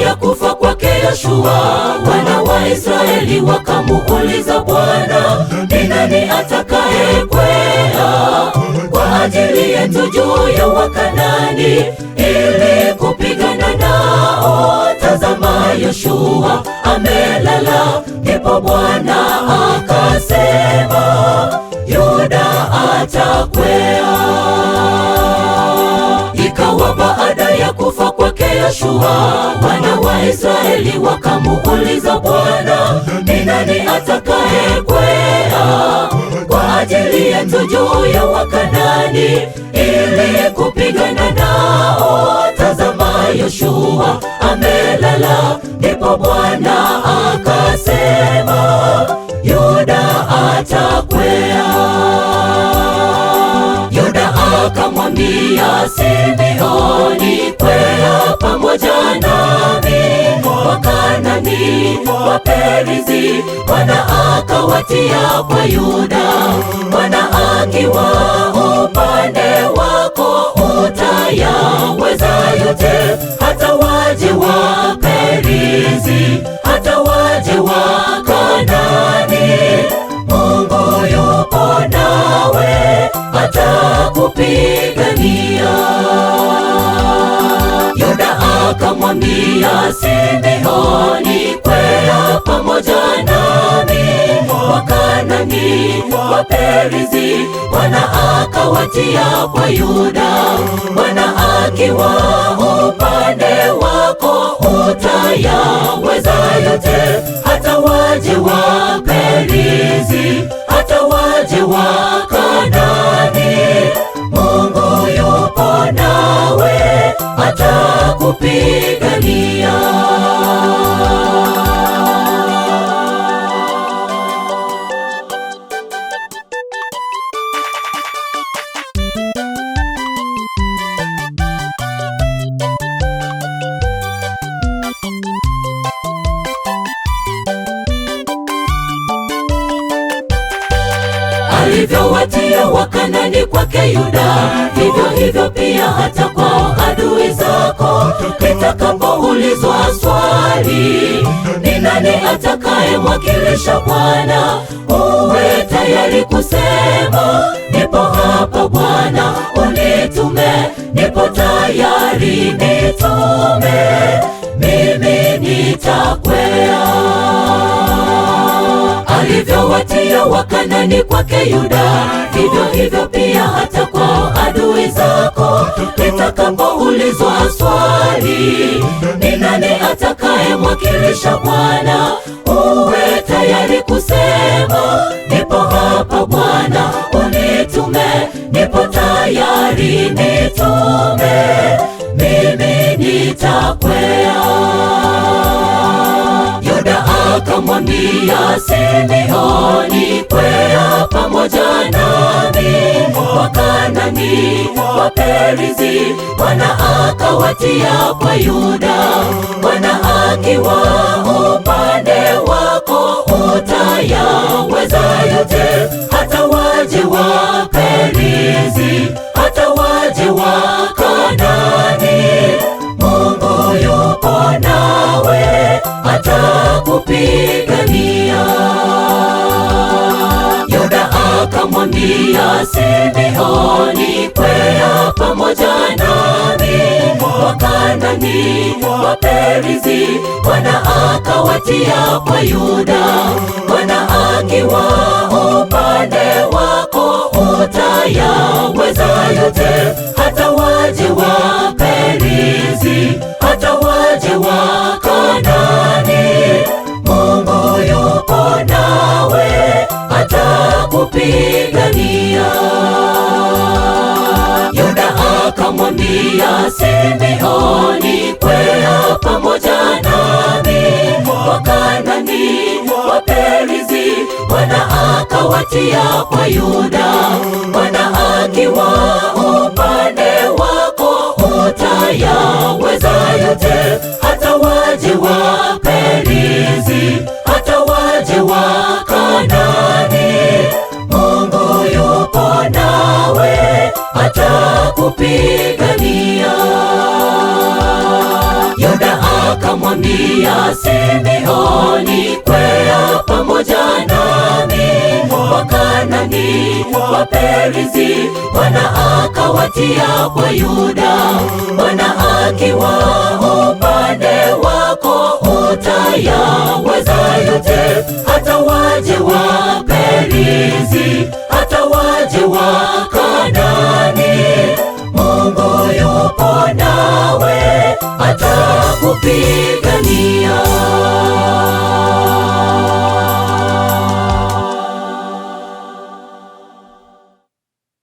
ya kufa kwake Yoshua, wana wa Israeli wakamuuliza Bwana, ni nani atakayekwea kwa ajili yetu juu ya Wakanani ili kupigana nao? Tazama, Yoshua amelala. Ndipo Bwana akasema, Yuda atakwea. Yoshua wana wa Israeli wakamuuliza Bwana, ni nani kwea kwa ajili yetu juu ya Wakanani ili kupigana nao? Tazama, Yoshua amelala. Ndipo Bwana akasema, Yuda atakwea. Yuda akamwambia wapenzi wapenzi, Bwana akawatia kwa Yuda, Bwana akiwa upande wako utayaweza yote, hata waje wa Perizi, hata waje wa Kanani, Mungu yupo nawe atakupi Nikamwambia Simeoni, kwea pamoja nami, Wakanani, Waperizi, Bwana akawatia kwa Yuda. Bwana akiwa upande wako, utayaweza yote, hata waje Waperizi, hata waje Waperizi. wa Wakanani kwake Yuda, vivyo hivyo pia hata kwa adui zako. Litakapoulizwa swali, ni nani mwakilisha Bwana, uwe tayari kusema nipo hapa Bwana, unitume. Nipo tayari, nitume, mimi nitakwea alivyowatia wakanani kwake Yuda, vivyo hivyo pia hata kwa adui zako. Litakapoulizwa swali, ni nani mwakilisha Bwana, uwe tayari kusema, nipo hapa Bwana, unitume. Nipo tayari nitume, mimi nitakwenda. wakamwambia Simeoni, kwea pamoja nami. Wakanani, Waperizi, Bwana akawatia kwa Yuda, Bwana akiwa upande wako, utayaweza yote, hata waje Waperizi kupigania. Yuda akamwambia Simeoni, kwea pamoja nami, wakanani Waperizi, Bwana akawatia kwa Yuda, Bwana akiwa upande wako utayaweza yote. kupigania. Yuda akamwambia Simeoni, kwea pamoja nami, wakanani Waperizi, wana akawatia kwa Yuda, wana akiwaopa kupigania. Yuda akamwambia Simeoni, kwea pamoja nami, Wakanani, Waperizi, Bwana akawatia kwa Yuda. Bwana akiwa upande wako, utayaweza yote, hata waje Waperizi, hata waje wako moyo pona